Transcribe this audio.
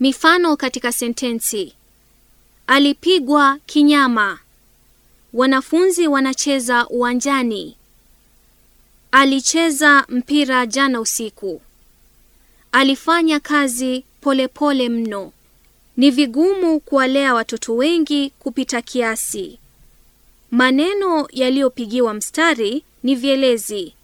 Mifano katika sentensi: alipigwa kinyama. Wanafunzi wanacheza uwanjani. Alicheza mpira jana usiku. Alifanya kazi polepole pole mno. Ni vigumu kuwalea watoto wengi kupita kiasi. Maneno yaliyopigiwa mstari ni vielezi.